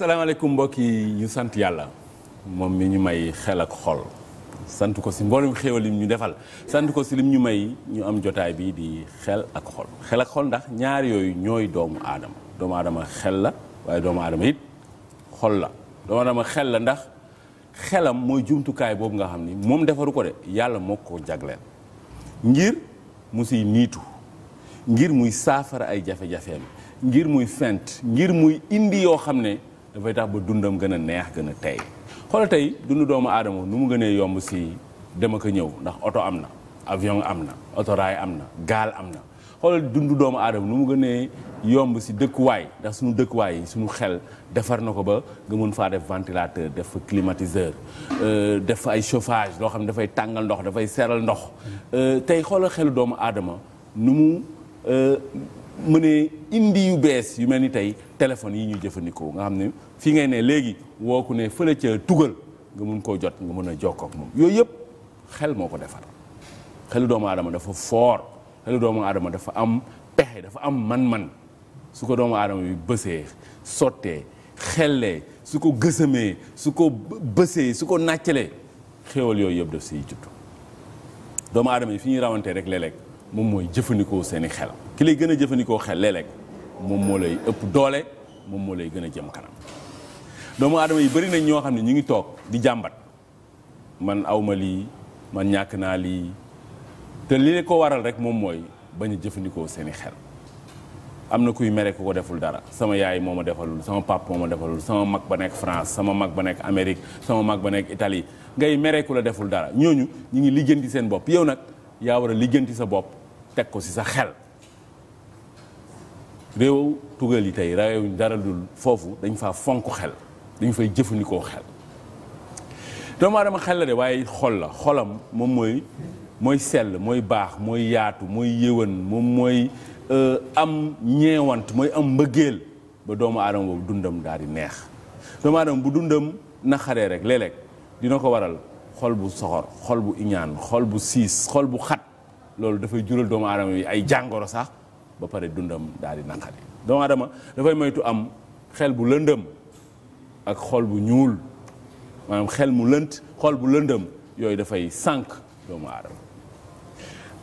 asalaamaaleykum mbokk yi ñu sant yàlla moom mi ñu may xel ak xol sant ko si mboolem xéewal yi ñu defal sant ko si lim ñu may ñu am jotaay bii di xel ak xol xel ak xol ndax ñaar yooyu ñooy doomu aadama doomu aadama xel la waaye doomu aadama yit xol la doomu aadama xel la ndax xelam mooy jumtukaay boobu nga xam ni moom defaru ko de yàlla moo ko jagleel ngir mu siy niitu ngir muy saafara ay jafe-jafeem ngir muy fent ngir muy indi yoo xam ne dafay tax ba dundam gën a neex gën a tey xoolal tey dundu doomu aadama nu mu gënee yomb si dem ak ñëw ndax oto am na avion am na auto otoraay am na gaal am na xoolal dund doomu aadama nu mu gënee yomb si dëkkuwaay ndax suñu dëkkuwaay suñu xel defar na ko ba nga faa def ventilateur def fa climatiseur euh, def ay chauffage loo xam ne dafay tàngal ndox dafay seral ndox euh, tey xoolal xelu doomu aadama nu mu euh, mënee indi yu bees yu mel ni tey téléphone yi ñuy jëfandikoo nga xam ne fii ngay nee léegi woo ne fële ca tugal nga mun koo jot nga mun a jokkoo ak moom yooyu yëpp xel moo ko defar xelu doomu aadama dafa foor xelu doomu adama dafa am pexe dafa am man-man su ko doomu aadama bi bësee sottee xellee su ko gësamee su ko bësee su ko nàccalee xéewal yooyu yëpp daf siy judd doomu aadama yi fi ñuy rawantee rek léeg moom mooy jëfandikoo seeni xel ki lay gën a jëfandikoo xel léeg-léeg moom moo lay ëpp doole moom moo lay gën a jëm kanam doomu aadama yi bari nañ ñoo xam ne ñu ngi toog di jàmbat man awma lii man ñàkk naa lii te li ko waral rek moom mooy bañ a jëfandikoo seeni xel am na kuy mere ku ko deful dara sama yaay moo ma defalul sama pap moo ma defalul sama mag ba nekk France sama mag ba nekk amerique sama mag ba nekk itali ngay mere la deful dara ñooñu ñu ngi lijjanti seen bopp yow nag yaa war a lijjanti sa bopp teg ko ci sa xel réew tugal yi tey raayuñ dara dul foofu dañ faa fonk xel dañ fay jëfandikoo xel doomu aadama xel la de waaye xol la xolam moom mooy mooy sell mooy baax mooy yaatu mooy yëwan moom mooy euh, am ñeewant mooy am mbëggeel ba doomu aadama boobu dundam daal di neex doomu aadama bu dundam na naxaree rek léeg-léeg dina ko waral xol bu soxor xol bu iñaan xol bu siis xol bu xat loolu dafay jural doomu aadama yi ay jàngoro sax ba pare dundam daal di naqari doomu aadama dafay moytu am xel bu lëndëm ak xool bu ñuul xel mu lënt xool bu lëndëm yooyu dafay sànq doomu aadama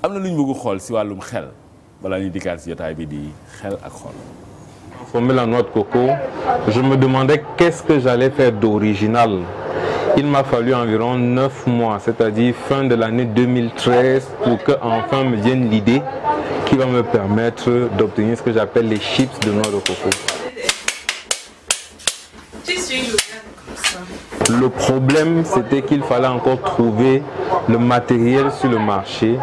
am na luñ ñu bëgg xool si wàllum xel balaa ñuy dikkaat si jotaay bi di xel ak xol. Formé la noix de coco, je me demandais qu'est-ce que j'allais faire d'original. Il m'a fallu environ neuf mois, c'est-à-dire fin de l'année 2013, pour que enfin me vienne l'idée qui va me permettre d'obtenir ce que j'appelle les chips de noix de coco. Le problème, c'était qu'il fallait encore trouver le matériel sur le marché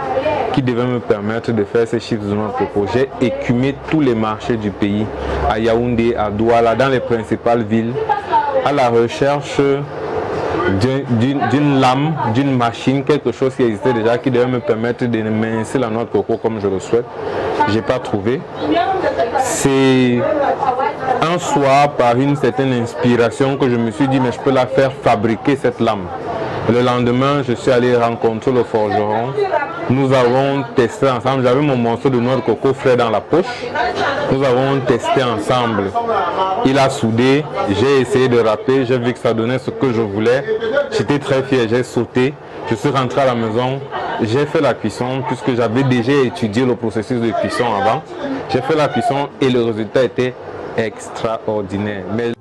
qui devait me permettre de faire ces chiffres de notre projet, écumer tous les marchés du pays, à Yaoundé, à Douala, dans les principales villes, à la recherche d'une lame, d'une machine, quelque chose qui existait déjà, qui devait me permettre de mincer la noix de coco comme je le souhaite. Je n'ai pas trouvé. C'est un soir, par une certaine inspiration, que je me suis dit, mais je peux la faire fabriquer, cette lame. Le lendemain, je suis allé rencontrer le forgeron. Nous avons testé ensemble. J'avais mon morceau de noix de coco frais dans la poche. Nous avons testé ensemble. Il a soudé. J'ai essayé de râper. J'ai vu que ça donnait ce que je voulais. J'étais très fier. J'ai sauté. Je suis rentré à la maison. J'ai fait la cuisson puisque j'avais déjà étudié le processus de cuisson avant. J'ai fait la cuisson et le résultat était extraordinaire. Mais...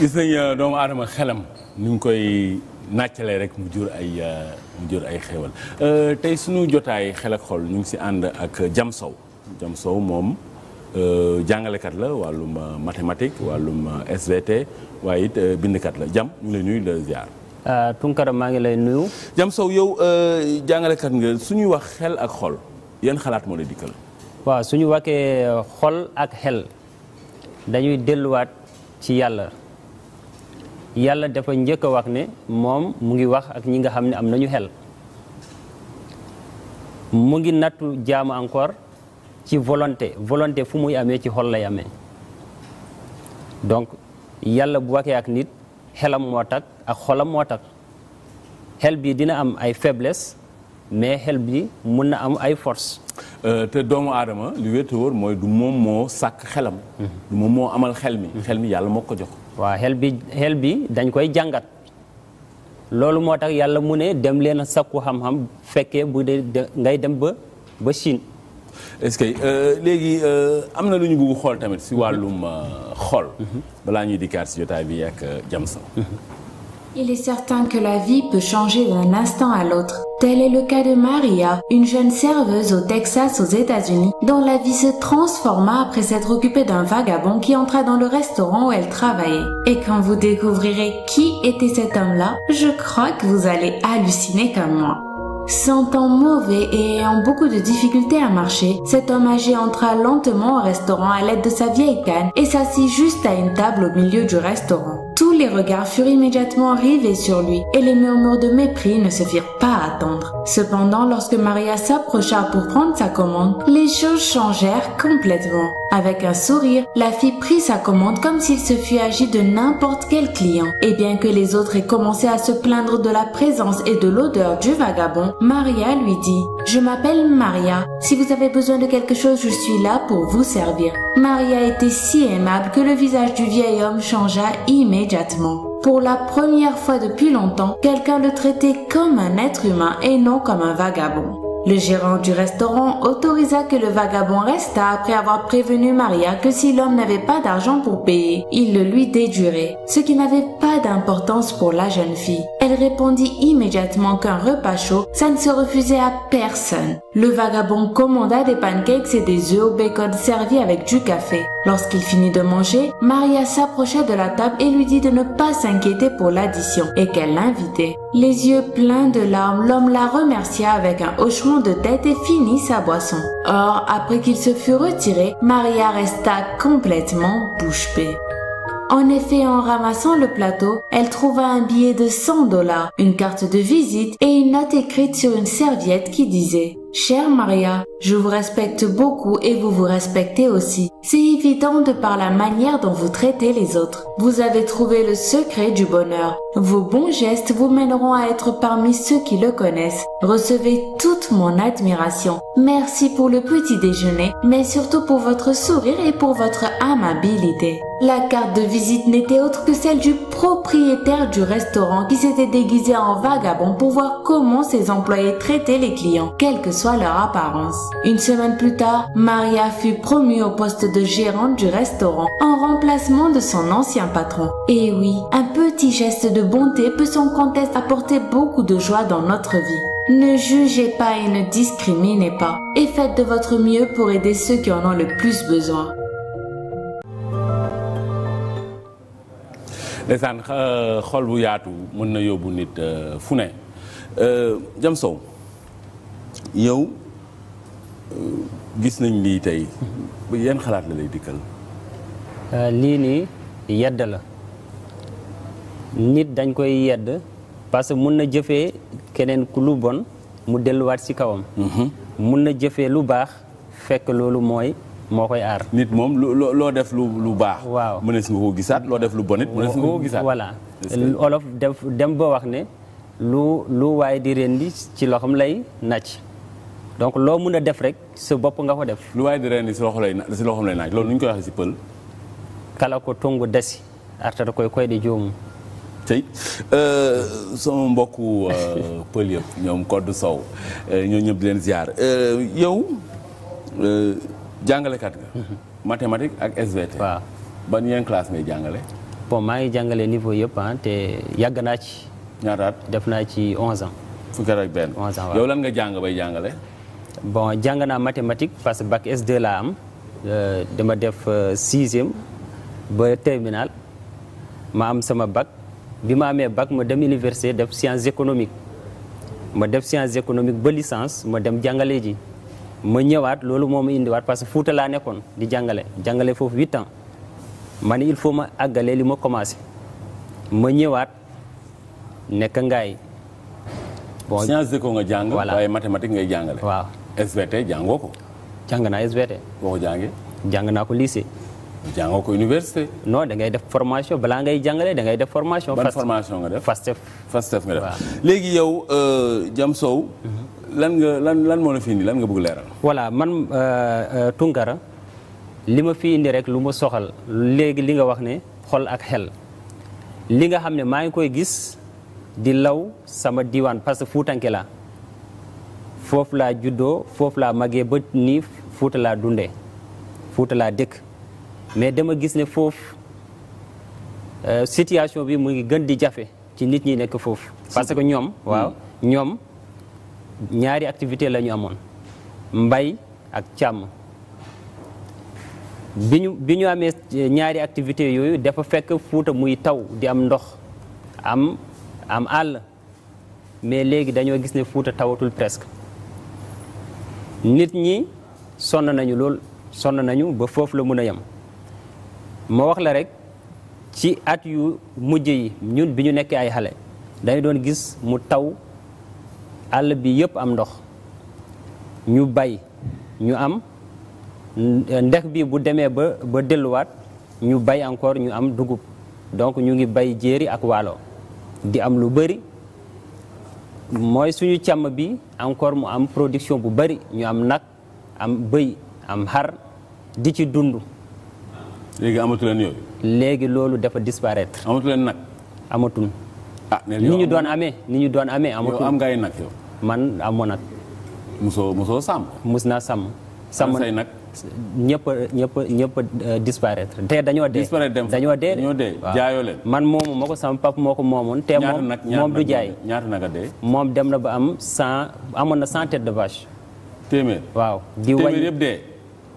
gis nañ euh, doomu aadama xelam ni ngi koy nàccalee rek mu jur ay euh, mu jur ay xéewal euh, tey suñu jotaay xel ak xol ñu ngi si ànd ak Jam Sow Jam Sow moom euh, jàngalekat la wàllum mathématique wàllum SVT waaye it bindkat la Jam ñu lay nuyu la ziar. Tunkara maa ngi lay nuyu. Jam Sow yow jàngalekat nga suñuy wax xel ak xol yan xalaat moo lay dikkal. waaw suñu waxee xol ak xel dañuy delluwaat ci yàlla. yàlla dafa njëkk a wax ne moom mu ngi wax ak ñi nga xam ne am nañu xel mu ngi nattu jaamu encore ci volonté volonté fu muy amee ci xol lay ame donc yàlla bu waxee ak nit xelam moo tax ak xolam moo tax xel bi dina am ay faiblesse mais xel bi mun na am ay force euh, te doomu aadama li wéete mooy du moom moo sàkk xelam mhm. du moom moo amal xel mi mhm. xel mi yàlla moo ko jox waaw xel bi xel bi dañ koy jàngat loolu moo tax yàlla mu ne dem leen a sakku xam-xam fekkee bu dee ngay dem ba ba Chine. est-ce que euh, léegi euh, am na lu ñu bëgg xool tamit si wàllum euh, xool. Mhm. balaa ñuy dikkaat si jotaay bi ak Jamson mhm. Il est certain que la vie peut changer d'un instant à l'autre. Tel est le cas de Maria, une jeune serveuse au Texas aux États-Unis, dont la vie se transforma après s'être occupée d'un vagabond qui entra dans le restaurant où elle travaillait. Et quand vous découvrirez qui était cet homme-là, je crois que vous allez halluciner comme moi. Sentant mauvais et ayant beaucoup de difficultés à marcher, cet homme âgé entra lentement au restaurant à l'aide de Tous les regards furent immédiatement rivés sur lui et les murmures de mépris ne se firent pas attendre. Cependant, lorsque Maria s'approcha pour prendre sa commande, les choses changèrent complètement. Avec un sourire, la fille prit sa commande comme s'il se fût agi de n'importe quel client. Et bien que les autres aient commencé à se plaindre de la présence et de l'odeur du vagabond, Maria lui dit ⁇ Je m'appelle Maria. Si vous avez besoin de quelque chose, si aimable que le immédiatement. Pour la première fois depuis longtemps, quelqu'un le traitait comme un être humain et non comme un vagabond. Le gérant du restaurant autorisa que le vagabond resta après avoir prévenu Maria que si l'homme n'avait pas d'argent pour payer, il le lui déduirait, ce qui n'avait pas d'importance pour la jeune fille. Elle répondit immédiatement qu'un repas chaud, ça ne se refusait à personne. Le vagabond commanda des pancakes et des œufs au bacon servis avec Lorsqu'il finit de manger, Maria s'approcha de la table et lui dit de ne pas s'inquiéter pour l'addition et qu'elle l'invitait. Les yeux pleins de larmes, l'homme la remercia avec un hochement de tête et finit sa boisson. Or, après qu'il se fut retiré, Maria resta complètement bouche En effet, en ramassant le plateau, elle trouva un billet de 100 dollars, une carte de visite et une note écrite sur une serviette qui disait Chère Maria, je vous respecte beaucoup et vous vous respectez aussi. C'est évident de par la manière dont vous traitez les autres. Vous avez trouvé le secret du bonheur. Vos bons gestes vous mèneront à être parmi ceux qui le connaissent. Recevez toute mon admiration. Merci pour le petit déjeuner, mais surtout pour votre sourire et pour votre amabilité. La carte de visite n'était autre que celle du propriétaire du restaurant qui s'était déguisé en vagabond pour reçoit leur apparence. Une semaine plus tard, Maria fut promue au poste de gérante du restaurant en remplacement de son ancien patron. Et eh oui, un petit geste de bonté peut sans conteste apporter beaucoup de joie dans notre vie. Ne jugez pas et ne discriminez pas, et faites de votre mieux pour aider ceux qui en ont le plus besoin. Euh, xool bu yaatu mën na yóbbu nit euh, fu yow gis nañ lii tey yan xalaat la lay dikkal. Euh, lii nii yedd la nit dañ koy yedd parce que mun na jëfee keneen ku lu bon mu delluwaat ci kawam. Mhm. mun na jëfee lu baax fekk loolu mooy moo koy aar. nit moom loo def lu lu baax. waaw mënees nga koo gisaat loo def lu bon mënees nga koo gisaat. voilà olof dem ba wax ne lu lu waay di rendi ci loxam lay nàcc. donc loo mun a def rek sa bopp nga ko def. lu waaye di reen di si loxo na si loxoom lay naaj loolu nu ñu koy waxee si pël. kala ko tongu desi artata koy koy di joomu. tey euh, sama mbokku euh, pël yëpp ñoom Codé Sow euh, ñoo ñëpp di leen ziar yow jàngalekat nga. Mhm. mathématique ak SVT. waaw ban yeen classe ngay jàngale. bon maa ngi jàngale niveau yëpp ah te yàgg naa ci. ñaataat def naa ci 11 ans. fukki at ak benn yow lan nga jàng bay jàngale. bon jàng naa mathématique parce que bac S2 laa am euh, dama def euh, sixième ba terminal ma am sama bak bi ma amee bac ma dem université def science économique ma def science économique ba licence ma dem jàngale ji ma ñëwaat loolu moom ma indiwaat parce que Fuuta laa nekkoon di jàngale jàngale foofu huit ans ma ne il faut ma àggale li ma commencé ma ñëwaat nekk ngaay bon science de ko nga jàng. voilà waaye mathématique ngay jàngale. waaw. SVT jàngoo ko. jàng naa SVT. boo ko jàng naa ko lycée. jàngoo ko université. non da ngay def formation balaa ngay jàngale da ngay def formation. ban formation nga def FASTEF. FASTEF nga def léegi yow Diam euh, soow mhm. lan nga lan lan moo la fi indi lan nga bëgg leeral. voilà man euh, euh, Tunkara li ma fi indi rek lu ma soxal léegi li nga wax ne xol ak xel li nga xam ne maa ngi koy gis di law sama diwaan parce que fuutanke la foofu laa juddoo foofu laa màggee ba nii Fuuta laa dundee Fuuta laa dëkk mais dama gis ne foofu euh, situation bi mu ngi gën di jafe ci nit ñi nekk foofu. parce que ñoom. Mm. waaw ñoom ñaari activité lañu ñu amoon mbay ak càmm. bi ñu bi ñu amee euh, ñaari activité yooyu dafa fekk Fuuta muy taw di am ndox am am àll mais léegi dañoo gis ne Fuuta tawatul presque. nit ñi sonn nañu lool sonn nañu ba foofu la mun a yem ma wax la rek ci at yu mujj yi ñun bi ñu nekkee ay xale dañu doon gis mu taw àll bi yëpp am ndox ñu bay ñu am ndex bi bu demee ba ba delluwaat ñu bay encore ñu am dugub donc ñu ngi bay jéeri ak waalo di am lu bari mooy suñu càmm bi encore mu am production bu bari ñu am nag am bëy am xar di ci dund. léegi amatu leen yooyu. léegi loolu dafa disparaître. amatu leen nag. amatul. ah ni ñu doon amee ni ñu doon amee. amatul yow am ngay nag yow. man amoon nag. musoo musoo sàmm. mus naa sàmm. sàmm say nag. ñëpp a ñëpp ñëpp a euh, disparaître te dañoo dee. disparaître dem dañoo dee dañoo dee jaayoo leen. man moomu ma ko sama pap moo te moom du jaay moom dem na ba am cent amoon na cent tête de vache. waaw di wàññi téeméer yëpp dee.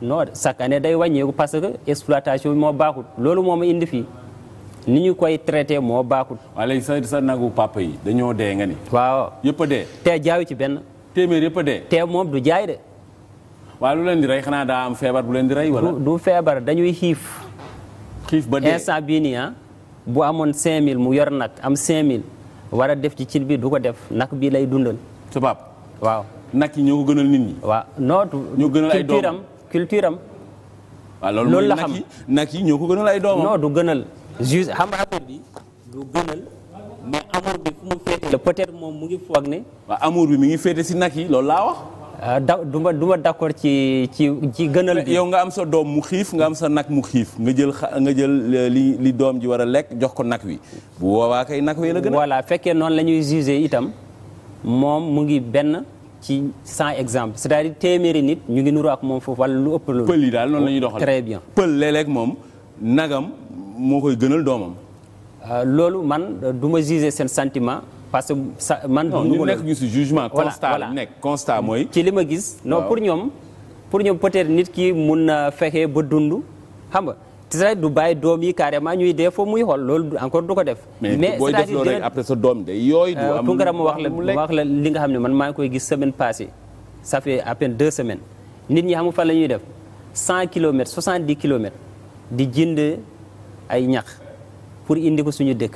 non chaque année day wàññeeku parce que exploitation moo baaxul loolu moo ma indi fii. ni ñu koy traité moo baaxul. waaw a dee. te jaayu ci benn. te moom du jaay de. waaye lu leen di rey xanaa daa am feebar bu leen di rey wala. du feebar dañuy xiif. xiif ba instant bii nii ah bu amoon 5000 mu yor nag am 5000 war a def ci cin bi du ko def nag bii lay dundal. tubaab waaw. nag yi ñoo ko gënal nit ñi. waa nootu. ñoo gënal ay doomam culture culture am. waaw loolu la nag yi ñoo ko gënal ay doomam. du gënal. juste xam nga affaire bi du gënal. mais amour bi fu mu féete la peut moom mu ngi foog ne. waaw amour bi mi ngi féete si nag yi loolu laa wax. Euh, da du ma du ma d'accord ci ci ci gënal. yow nga am sa doom mu xiif nga am sa nag mu xiif nga jël nga jël li li doom ji war a lekk jox ko nag wi bu boobaa kay nag wi la gën a. voilà fekkee noonu la ñuy jugé itam moom mu ngi benn ci cent exemple c'est-à-dire téeméeri nit ñu ngi nuru ak moom foofu wala lu ëpp loolu. pël yi daal noonu la ñuy doxal très bien. pël léeg-léeg moom nagam moo koy gënal doomam. Euh, loolu man du ma seen sentiment. parce que sa man. ñu nekk ñu si jugement. constat la nekk constat mooy. ci lima ma gis non pour ñoom pour ñoom peut nit ki mun na fexe ba dund xam nga. c'est-à-dire du bàyyi doom yi carrément ñuy dee foofu muy xool loolu encore du ko def. mais booy def sa doom de yooyu. du euh, am Tounkara ma wax la ma wax la li nga xam ne man maa ngi koy gis semaine passée. ça fait à peine deux semaines nit ñi xamu fan la ñuy def cent kilomètres soixante dix kilomètres di jënd ay ñax pour indi ko suñu dëkk.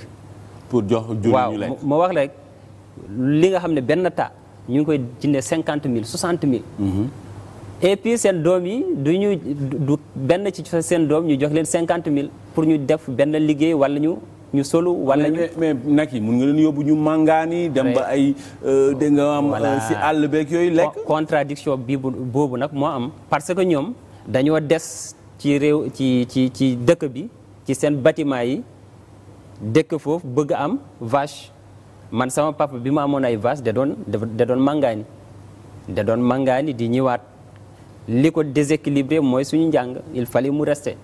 pour jox jur ñu lekk waaw ma wax rek li nga xam ne benn ta ñu ngi koy jëndee cinquante mille soixante mille. Mhm. seen doom yi du ñu du benn ci seen doom ñu jox leen cinquante mille pour ñu def benn liggéey wala ñu. ñu solu walla ñu mais nag yi mun nga leen yóbbu ñu màngaani dem ba ay euh, dégg nga euh, si àll yooyu lekk contradiction bi boobu nag moo am parce que ñoom dañoo des ci réew ci ci ci dëkk bi ci seen bâtiment yi dëkk foofu bëgg am vache man sama papa bi ma amoon ay vache de doon da doon màngaani da doon màngaani di ñëwaat li ko déséquilibré mooy suñu njàng il fallait mu rester.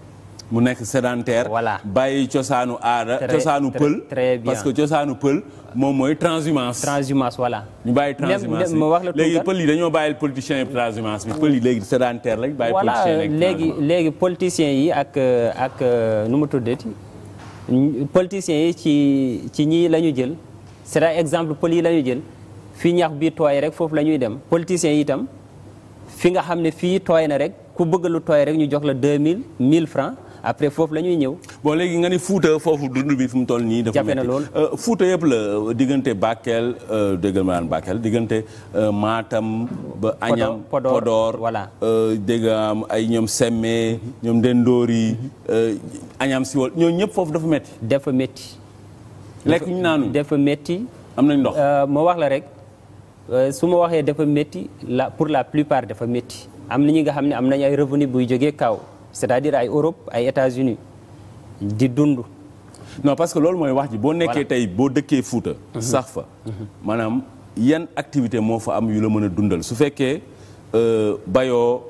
mu nekk sédentaire. voilà bàyyi cosaanu aada. cosaanu pël parce que cosaanu pël moom mooy transhumance. transhumance voilà. ñu bàyyi transhumance ma wax la léegi pël yi dañoo bàyyi politicien yi transhumance bi pël yi léegi sédentaire lañ bàyyi politicien yi léegi léegi politiciens yi ak ak euh, nu mu tuddati politiciens yi ci ci ñii la ñu jël c'est à exemple pël yi la jël fii ñax bii tooy rek foofu la ñuy dem politiciens yi itam fi nga xam ne fii tooy na rek ku bëgg lu tooy rek ñu jox la mille mille francs après foofu la ñuy ñëw. boo léegi nga ni Fouta foofu dund bi fi mu toll nii. dafa métti euh, Fouta yëpp la euh, diggante Bakel euh, dégg Bakel diggante Matam. ba Agnam Podor voilà. dégg nga ay ñoom Semme ñoom Ndendori Agnam Siwol ñoo ñëpp foofu dafa métti. dafa métti. lekk ñu naanu dafa métti. am nañ ndox ma wax la rek su ma waxee dafa métti la pour la plupart dafa métti am na ñi nga xam ne am nañu ay revenu buy jógee kaw. c'est-à-dire ay Europe ay États-Unis di dund. non parce que loolu mooy wax ji boo nekkee tey boo dëkkee Fuuta. Mhm. sax fa mhm. maanaam yan activité moo fa am yu la mën a dundal su fekkee euh, bayoo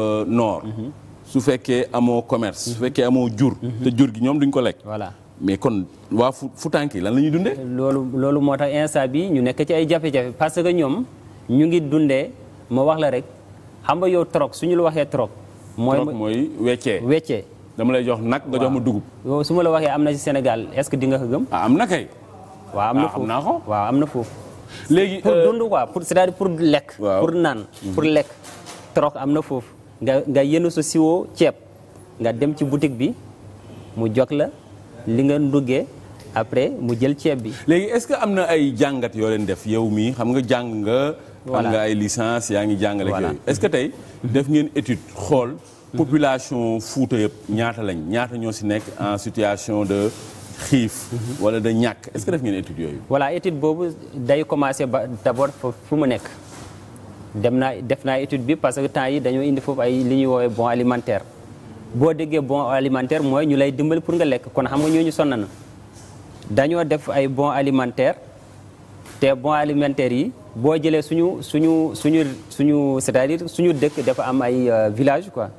euh, noor. Mhm. su fekkee amoo commerce. su fekkee amoo jur. te jur gi ñoom duñ ko lekk. voilà mais kon waa fu Futank lan la ñuy dundee. loolu loolu moo tax instant bi ñu nekk ci ay jafe-jafe parce que ñoom ñu ngi dundee ma wax la rek xam nga yow troc suñu la waxee troc. mooy mooy wecce wecce dama lay jox nag nga jox ma dugub. su ma la waxee am na ci Sénégal est-ce que di nga ko gëm. Ah, am na kay. waaw am na ah, foofu waaw am na foofu. léegi pour euh, dund quoi pour cest pour lekk. pour naan mhm. pour lekk. troc am na foofu nga nga yenu sa siwoo ceeb nga dem ci boutique bi mu jox la li nga nduggee après mu jël ceeb bi. léegi est-ce que am na ay jàngat yoo leen def yow mii xam nga jàng nga. voilà nga ay licence yaa ngi jàngale. voilà yooyu est-ce que tey def ngeen étude xool. population Fuuta yëpp ñaata lañ ñaata ñoo si nekk en situation de. xiif wala de ñàkk est-ce que def ngeen étude yooyu. voilà étude boobu day commencer ba d'abord fu mu nekk dem naa def naa étude bi parce que temps yi dañoo indi foofu ay li ñuy woowee bon alimentaire boo déggee bon alimentaire mooy ñu lay dimbali pour nga lekk kon xam nga ñooñu sonn na dañoo def ay bon alimentaire. te bons alimentaires yi boo jëlee suñu suñu suñu suñu c'est-à-dire suñu dëkk dafa am ay euh, village quoi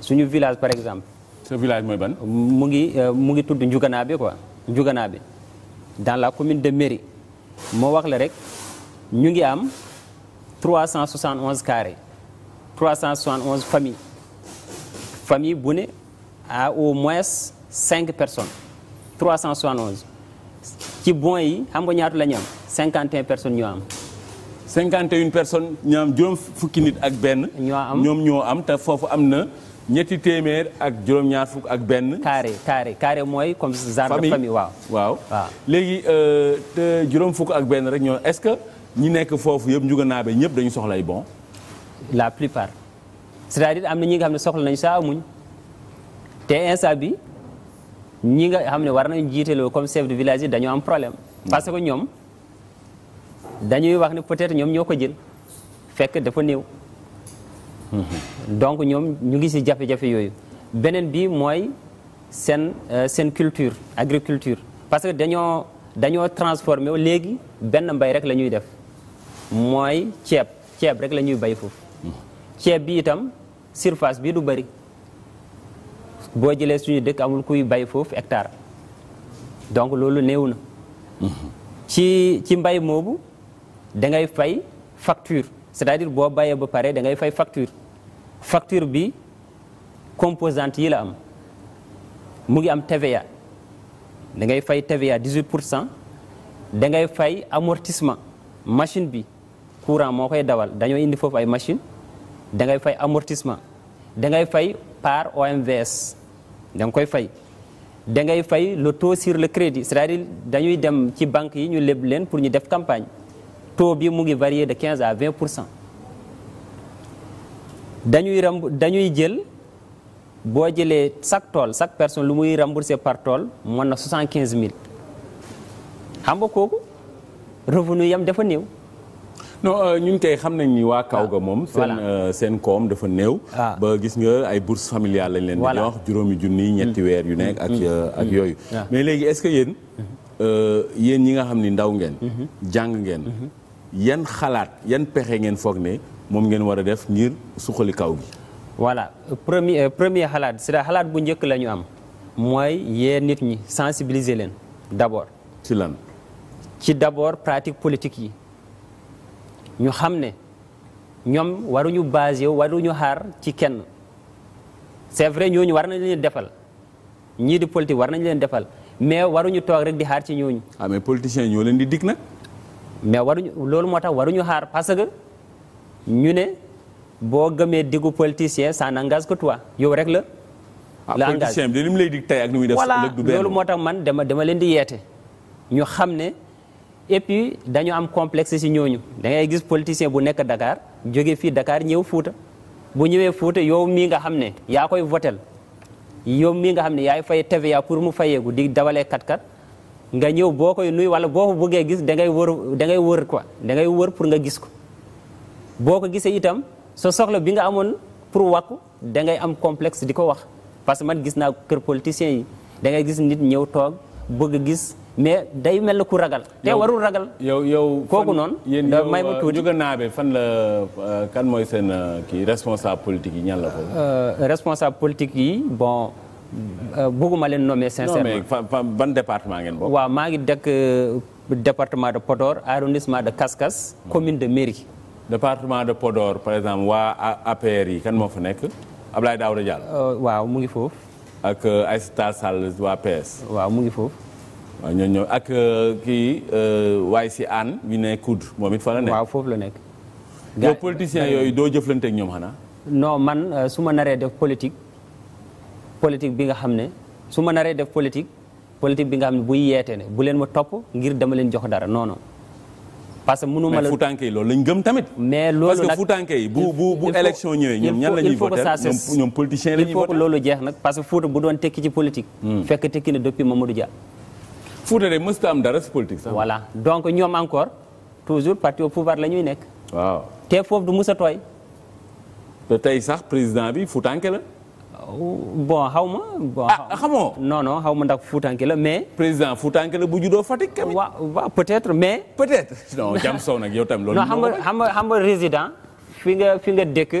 suñu village par exemple. sa village mooy mu ngi euh, mu ngi tudd Njuganaabe quoi Njuganaabe dans la commune de Méry moo wax la rek ñu ngi am 371 carrés 371 familles famille bu ne à au moins 5 personnes 371. ci bon yi xam nga ñaatu la ñu am 51 personnes ñoo am. un personnes ñoom am juróom fukki nit ak benn. ñoo am ñoom ñoo am te foofu am na ñetti téeméer ak juróom-ñaar fukk ak benn. carré carré carré mooy comme genre de famille waaw waaw waaw. léegi euh, te juróom fukk ak benn rek ñoo est-ce que ñi nekk foofu yëpp naa ba ñëpp dañu soxlay bon. la plupart c'est-à-dire am na ñi nga xam ne soxla nañu saa amuñ te instant bi ñi nga xam ne war nañ jiitaloo comme chef de village yi dañoo am problème. parce que ñoom dañuy wax ne peut-être ñoom ñoo ko jël fekk dafa néew. donc ñoom ñu ngi ci jafe-jafe yooyu. beneen bi mooy seen euh, seen culture agriculture parce que dañoo dañoo transformé wu léegi benn mbay rek la ñuy def mooy ceeb ceeb rek la ñuy bay foofu. ceeb bi itam surface bi du bari. boo jëlee suñu dëkk amul kuy bay foofu hectare donc loolu néew na. ci ci mbay moobu da ngay fay facture c'est-à-dire boo bayee ba pare da ngay fay facture facture bi composante yi la am mu ngi am TVA da ngay fay TVA 18 pour cent da ngay fay amortissement machine bi courant moo koy dawal dañoo indi foofu ay machine da ngay fay amortissement da ngay fay par OMVS da nga koy fay da ngay fay le taux sur le crédit cest à dañuy dem ci banque yi ñu leb leen pour ñu def campagne taux bi mu ngi varier de 15 à pour cent dañuy remb dañuy jël boo jëlee sac tool chaque personne lu muy remboursé par tool mën na 75000 xam nga kooku revenu yam dafa néew. non euh, ñun kay xam nañ ni waa kaw ga ah, moom. seen euh, seen koom dafa néew. Ah. ba gis nga ay bourses familiales lañ leen di jox juróomi junni mm. ñetti weer yu nekk ak mm. euh, ak mm. yooyu. mais léegi est-ce que yéen mm-hmm. yéen ñi nga xam ni ndaw ngeen. Mm-hmm. jàng ngeen. Mm-hmm. yan xalaat yan pexe ngeen foog ne moom ngeen war a def ngir suqali kaw gi. voilà premier premier xalaat cest à xalaat bu njëkk lañu am. mooy yee nit ñi sensibiliser leen d'abord. ci lan. ci d'abord pratique politique yi. ñu xam ne ñoom waruñu basé waruñu xaar ci kenn c'est vrai ñooñu war nañ leen defal ñii di politique war nañ leen defal mais waruñu toog rek di xaar ci ñooñu. ah mais politiciens ñoo leen di dig na mais waruñu loolu moo tax waruñu xaar parce que ñu ne boo gëmee diggu politicien ça n'engage que yow rek la. Ah, la engage politicien bi li mu lay dig tey ak ni muy def. voilà loolu moo tax man dama dama leen di yeete ñu xam ne. et puis dañu am complexe si ñooñu da ngay gis politicien bu nekk Dakar joge fii Dakar ñëw Fuuta bu ñëwee Fuuta yow mii nga xam ne yaa koy votel yow mii nga xam ne yaay fay TVA pour mu fayeeku di dawalee kat-kat nga ñëw boo koy nuyu wala boo ko bëggee gis da ngay wër da ngay wër quoi da ngay wër pour nga gis ko boo ko gisee itam sa soxla bi nga amoon pour wàkku da ngay am complexe di ko wax parce que man gis naa kër politicien yi da ngay gis nit ñëw toog bëgg gis mais day mel na ku ragal. te warul ragal. yow yow kooku noonu. da may ma euh, tuuti yéen fan la euh, kan mooy seen euh, kii responsable politique yi ñan la ko. responsable politique yi bon bëgguma leen nommer sincèrement. non mais ban département ngeen bokk. maa ngi dëkk département de Podor arrondissement de Kaskas hmm. commune de Méri. département de Podor par exemple waa APR yi kan moo fa nekk Abdoulaye Daouda Diallo. waaw mu ngi foofu. ak Aïssata Tall Sall waa PS. waaw mu ngi foofu. waaw ñoo ñëw ak euh, kii waaye si aan ñu ne kudd moom it fa la foofu la nekk. yow yooyu doo jëflante ak ñoom xanaa. non man euh, su ma naree def politique politique bi nga xam ne su ma naree def politique politique bi nga xam ne buy yeete ne bu leen ma topp ngir dama leen jox dara non non. parce la mais futanke yi loolu lañ gëm tamit. mais loolu nag parce que futanke yi bu bu bu élection ñëwee. ñoom ñan la ñuy voté doon tekki ci politique. Hmm. fekk tekki na depuis Mamadou Dia. Fouta de mësta am dara si politique sax. voilà donc ñoom encore toujours parti au pouvoir la ñuy nekk. waaw te foofu du musa tooy. te tey sax président bi Foutanke la. Oh, bon xaw ma. bon ah xamoo. non non xaw ma ndax Foutanke la mais. président Foutanke la bu juddoo Fatick. waaw waaw peut-être mais. peut-être non jàmm sow nag yow tam loolu. non xam nga xam nga xam nga résident. fi nga fi nga dëkk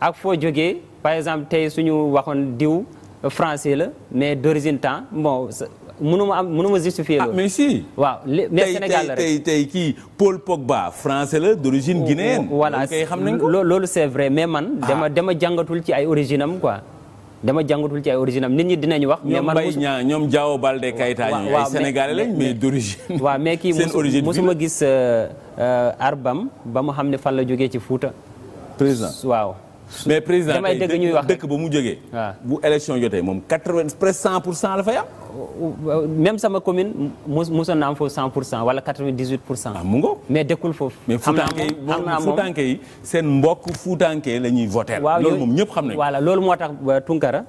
ak foo joge par exemple tey suñu waxoon diw euh, français la mais d'origine temps mënuma am mënuma justifier ah, loolu. ah mais si. waaw mais Sénégal la tey tey kii Paul Pogba français la d' origine oh, guinéenne. Oh, voilà xam nañ ko loolu est vrai mais man. Ah. dama dama jàngatul ci ay origine am quoi. dama jàngatul ci ay origine nit ñi dinañu wax. mais man mosu ñoom Baye ñoom Diao Baldé Keita ñi ay sénégalais lañ mais d' origine. waaw mais kii mosu mosuma gis euh, euh, arbam ba mu xam ne fan la jógee ci Fouta. président waaw. mais président damay dëgg ñuy wax dëkk ba mu jógee. bu élection jotee moom quatre vingt presque cent pour cent la fay am. même sama commune mos mosoon na am pour cent wala quatre vingt dix huit pour cent. Ah, mu ngo mais dëkkul foofu. am naa moom fuutanke yi seen mbokk fuutanke la ñuy voter. waaw loolu moom ñëpp xam nañu. voilà loolu moo tax euh, Tunkara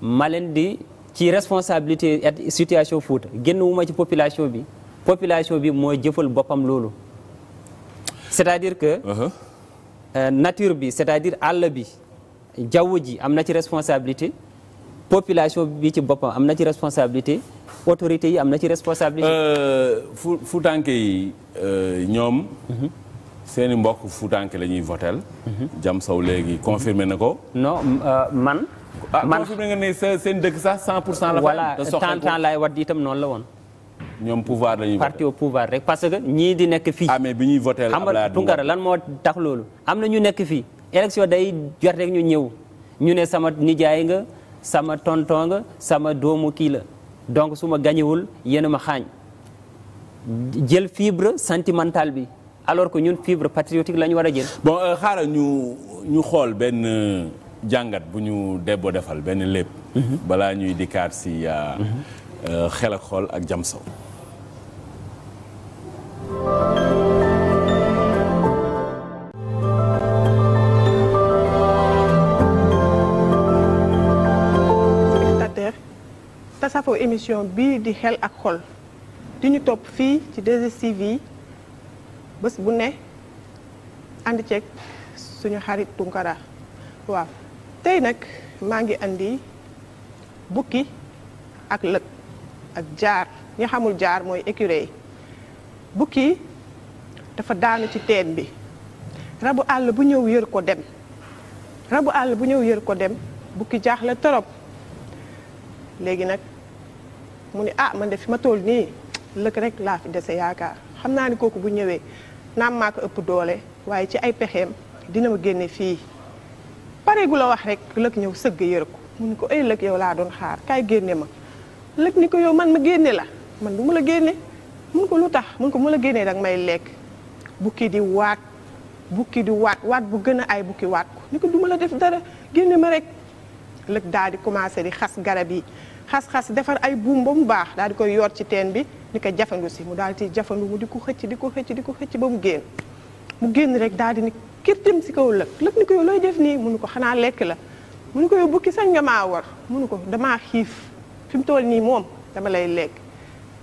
ma leen di ci responsabilité et situation Fouta génn wu ci population bi population bi moo jëfal boppam loolu c'est-à-dire que. Uh-huh. Euh, nature bi c'est-à-dire àll bi jaww ji am na ci responsabilité population bi ci boppam am na ci responsabilité autorités yi am na ci responsabilité. Euh, fu fuutanke yi euh, ñoom. Mhm. seeni mbokk fuutanke la ñuy votel mhm. jam sow léegi mhm. confirmé na ko. non man. Ah, man confirmé nga ne seen dëkk sax 100 pour cent la. voilà temps temps laay wat noonu la woon. ñoom pouvoir la ñuy parti au pouvoir rek parce que ñii di nekk fii. ah mais bi ñuy voté la xam nga Tunkara lan moo tax loolu. am na ñu nekk fii élection day jot rek ñu ñëw ñu ne sama nijaay nga sama tonton nga sama doomu kii la donc suma ma gañewul yéen ma xaañ jël fibre sentimentale bi alors que ñun fibre patriotique la ñu war a jël. bon euh, xaaral ñu ñu xool benn. Euh, jàngat bu ñu debbo defal benn lépp. Mhm. balaa ñuy dikkaat si euh, mhm. xel ak xool ak jam saw safoo bii di xel ak xol di ñu topp fii ci 2STV yi bés bu ne ànd ceeg suñu xarit Tunkara waaw tey nag maa ngi andi bukki ak lëg ak jaar ñi xamul jaar mooy écureuil bukki dafa daanu ci teen bi rabu àll bu ñëw yër ko dem rabu àll bu ñëw yër ko dem bukki jaaxle torop léegi nag mu ne ah ma de fi ma toll nii lëkk rek laa fi dese yaakaar xam naa ni kooku bu ñëwee naam maa ko ëpp doole waaye ci ay pexeem dina ma génne fii pare gu la wax rek lëkk ñëw sëgg yëre ko mu ko ay lëkk yow laa doon xaar kaay génne ma lëkk ni ko yow man ma génne la man du ma la génne mun ko lu tax mun ko mu la génnee danga may lekk bukki di waat bukki di waat waat bu gën a ay bukki waat ko ni ko du ma la def dara génne ma rek lëkk daal di commencé di xas garab yi xas-xas defar ay buum ba mu baax daal di koy yor ci teen bi ni ko jafandu si mu daal di jafandu mu di ko xëcc di ko xëcc di ko xëcc ba mu génn mu génn rek daal di ni kirtim si kaw lëkk lëkk ni ko yow looy def nii munu ko xanaa lekk la munu ko yow bukki sañ nga maa war munu ko damaa xiif fi mu toll nii moom dama lay lekk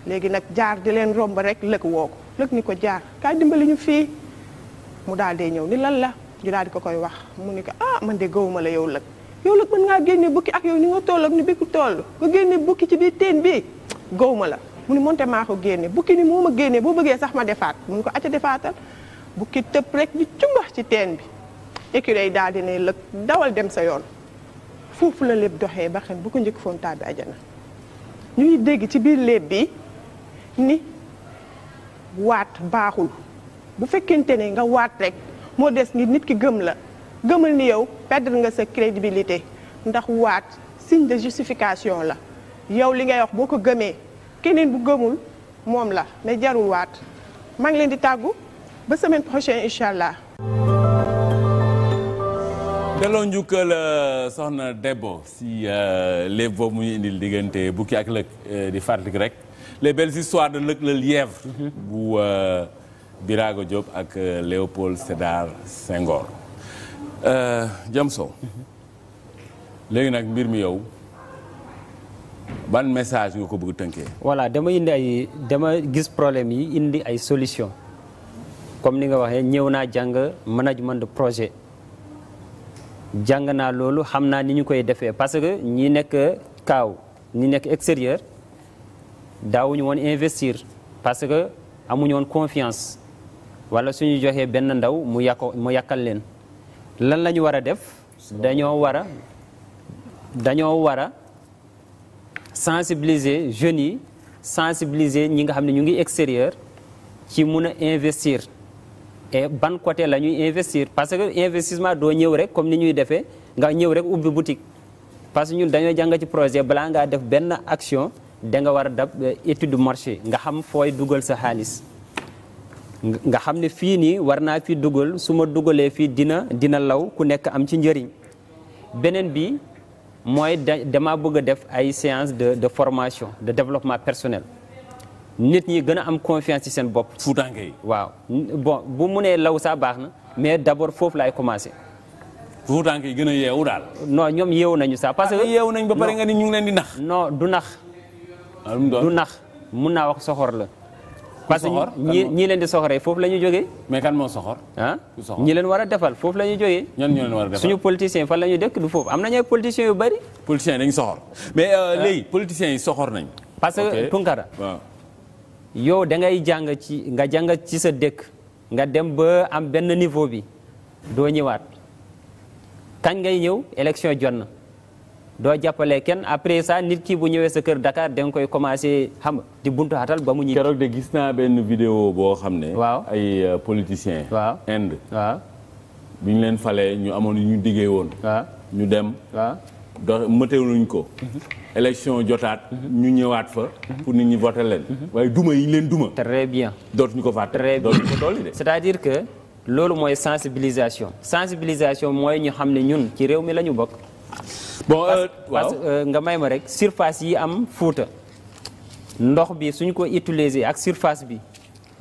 léegi nag jaar di leen romb rek lëkk woo ko ni ko jaar kaay dimbali ñu fii mu daal ñëw ni lan la ñu daal di ko koy wax mu ni ko ah man de gawuma la yow lëkk yow la mën ngaa génne bukki ak yow ni nga toll ak ni bukki toll nga génne bukki ci biir teen bi gow ma la mu ni monte maa ko génne bukki ni moo ma génne boo bëggee sax ma defaat mun ko acca defaatal bukki tëb rek di cumbax ci teen bi écureuil daal di ne lëg dawal dem sa yoon foofu la lépp doxee ba xen bu ko njëkk foon tàbbi ajana ñuy dégg ci biir léeb bi ni waat baaxul bu fekkente ne nga waat rek moo des ngir nit ki gëm la gëmal ni yow perdre nga sa crédibilité ndax waat signe de justification la yow li ngay wax boo ko gëmee keneen bu gëmul moom la mais jarul waat maa ngi leen di tàggu ba semaine prochaine incha allah. delloo njukkal euh, soxna Debbo si euh, léeb boobu mu ñu indil diggante bukki ak lëg euh, di fàttali rek les belles histoires de lëg le lièvre mhm. bu Birago Diop ak Léopold Sédar Senghor. Euh, Jam Sow léegi nag mbir mi yow ban message nga ko bugg tënkee. voilà dama indi ay dama gis problème yi indi ay solution comme ni nga waxee ñëw naa jàng management de projet jàng naa loolu xam naa ni ñu koy defee parce que ñi nekk kaaw ñi nekk extérieur daawuñu woon investir parce que amuñu woon confiance wala suñu joxee benn ndaw mu yàqo mu yàqal leen. lan la ñu war a def dañoo war a dañoo war a sensibiliser jeunes yi sensibiliser ñi nga xam ne ñu ngi extérieur ci mun a investir et ban côté la ñuy investir parce que investissement doo ñëw rek comme ni ñuy defee nga ñëw rek ubbi boutique parce que ñun dañoo jàng ci projet balaa ngaa def benn action danga nga war a dab euh, étude du marché nga xam fooy dugal sa xaalis nga xam ne fii nii war naa fi dugal su ma dugalee fii dina dina law ku nekk am ci njëriñ beneen bi mooy da damaa bëgg a def ay séance de de formation de développement personnel nit ñi gën a am confiance ci seen bopp. fuutaange waaw bon bu mu law saa baax na mais d'abord foofu laay commencer. fuutaange yi gën a yeewu daal. non ñoom yeewu nañu sax parce que. Ah, yeewu nañ ba pare nga ni ñu ngi leen di nax. non du nax. Ah, du nax mun naa wax soxor la. parce que ñi ñi leen di soxoree foofu la ñu jógee. mais kan moo ah? ñi leen war a defal foofu la ñu jógee. ñan ñu leen war a defal suñu politiciens fan la dëkk du foofu am nañu ay politiciens yu bari. politiciens yi soxor mais euh, ah. léegi politiciens yi soxor nañ parce que Tunkara. yow da ngay jàng ci nga jàng ci sa dëkk. nga dem ba am benn niveau bi doo ñëwaat kañ ngay ñëw élection jot na. doo jàppale kenn après ça nit ki bu ñëwee sa kër Dakar da nga koy commencé xam di buntu xatal ba mu ñibbi. keroog de gis naa benn vidéo boo xam ne. waaw ay euh, politiciens. waaw Inde. waaw bi ñu leen fale ñu amoon ñu diggee woon. waaw ñu dem. waaw do mëtewluñ ko. élection jotaat. ñu ñëwaat fa. pour nit ñi voté leen. waaye duma yi leen duma. très bien dootuñu ko fàtte. très bien dootuñu ko dolli de. c'est-à-dire que loolu mooy sensibilisation. sensibilisation mooy ñu xam ne ñun ci réew mi la ñu bokk. bon parce euh, que euh, nga may ma rek surface yi am Fuuta ndox bi suñ ko utiliser ak surface bi